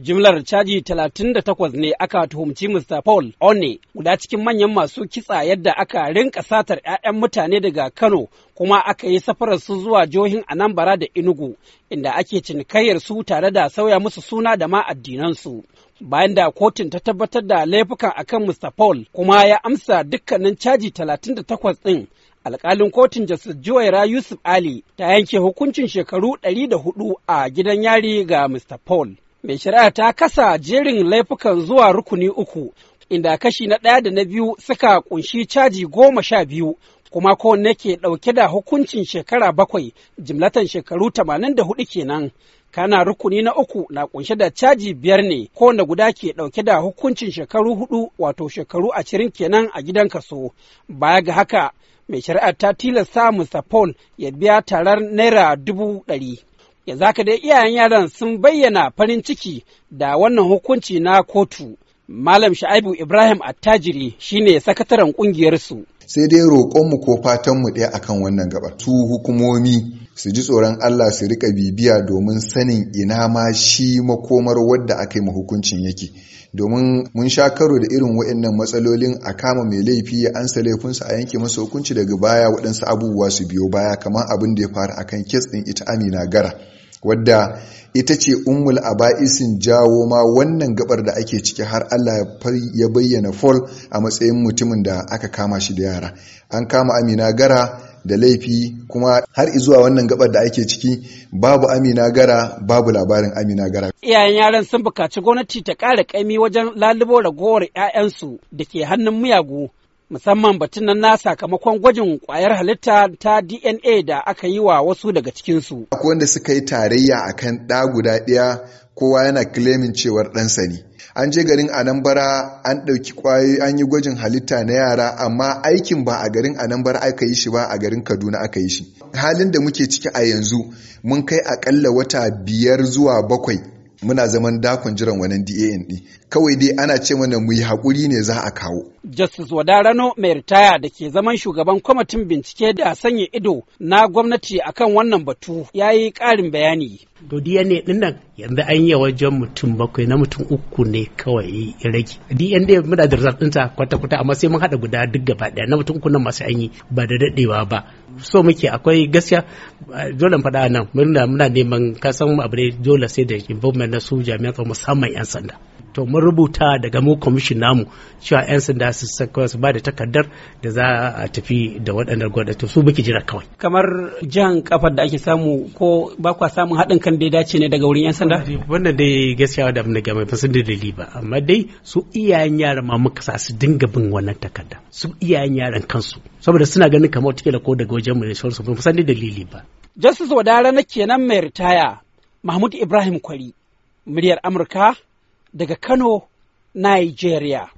Jimlar caji talatin 38 ne aka tuhumci Mr. Paul onne guda cikin manyan masu kitsa yadda aka rinka satar 'ya'yan mutane daga Kano kuma aka yi safarar su zuwa johin Anambra da Inugu, inda ake cinikayyar su tare da sauya musu suna da ma addinansu. Bayan da kotun ta tabbatar da laifukan akan Mr. Paul kuma ya amsa dukkanin caji talatin da takwas ɗin Alƙalin kotun Justice Juwaira Yusuf Ali ta yanke hukuncin shekaru ɗari da 104 a gidan yari ga Mr. Paul. mai shari'a ta kasa jerin laifukan zuwa rukuni uku inda kashi na ɗaya da na biyu suka kunshi caji goma sha biyu kuma ko ke ɗauke da hukuncin shekara bakwai jimlatan shekaru tamanin da hudu kenan kana rukuni na uku na kunshe da caji biyar ne ko na guda ke ɗauke da hukuncin shekaru hudu wato shekaru ashirin kenan a gidan kaso baya ga haka mai shari'ar ta tilasta Mr. Paul ya biya tarar naira dubu ɗari. Yanzu haka dai iyayen yaran sun bayyana farin ciki da wannan hukunci na kotu. Malam Sha'ibu Ibrahim Attajiri shine sakataren ƙungiyarsu. Sai dai roƙonmu ko fatanmu ɗaya akan wannan gaba. Su hukumomi su ji tsoron Allah su rika bibiya domin sanin ina ma shi makomar wadda aka yi hukuncin yake. Domin mun sha karo da irin waɗannan matsalolin a kama mai laifi ya ansa laifinsa a yanke masa hukunci daga baya waɗansu abubuwa su biyo baya kamar abin da ya faru akan kes ɗin ita Amina Gara. wadda ita ce Umul, a aba'isin jawo ma wannan gabar da ake ciki har Allah ya bayyana Fol a matsayin mutumin da aka kama shi da yara an kama Amina Gara da laifi kuma har izuwa wannan gabar da ake ciki babu amina gara babu labarin amina gara. Iyayen yaran sun bukaci gwamnati ta ƙara ƙaimi wajen lalubo ragowar 'ya'yansu da ke hannun miyagu musamman batun nan na sakamakon gwajin kwayar halitta ta DNA da aka yi wa wasu daga cikinsu. Akwai wanda suka yi tarayya a kan ɗa guda ɗaya kowa yana kilemin cewar ɗansa ne. An je garin Anambra an ɗauki kwayoyi an yi gwajin halitta na yara amma aikin ba a garin Anambra aka yi shi ba a garin Kaduna aka yi shi. Halin da muke ciki a yanzu mun kai akalla wata biyar zuwa bakwai muna zaman dakon jiran wani DAN ɗin kawai dai ana ce mana mu yi haƙuri ne za a kawo. Justice Wadarano mai ritaya da ke zaman shugaban kwamitin bincike da sanya ido na gwamnati akan wannan batu ya yi ƙarin bayani. to DNA din nan yanzu an yi wajen mutum bakwai na mutum uku ne kawai ya rage DNA muna da result dinta kwata-kwata amma sai mun haɗa guda duk gaba ɗaya na mutum uku nan masu an yi ba da daɗewa ba so muke akwai gaskiya eh, dole faɗa nan muna neman kasan abu ne dole sai da involvement na su jami'an musamman 'yan sanda to mun rubuta daga mu kwamishin namu cewa 'yan sanda su su ba da takardar da za a tafi da waɗannan gwada to su biki jira kawai kamar jan kafar da ake samu ko ba kwa samun haɗin kan da ya dace ne daga wurin 'yan sanda wannan dai gaskiya da mun gama fasin da dalili ba amma dai su iyayen yaran ma muka sa su dinga bin wannan takarda su iyayen yaran kansu saboda suna ganin kamar tikila ko daga wajen mu ne su ba san da dalili ba Justice Wadara na kenan mai ritaya Mahmud Ibrahim Kwari muryar Amurka daga Kano, Nigeria.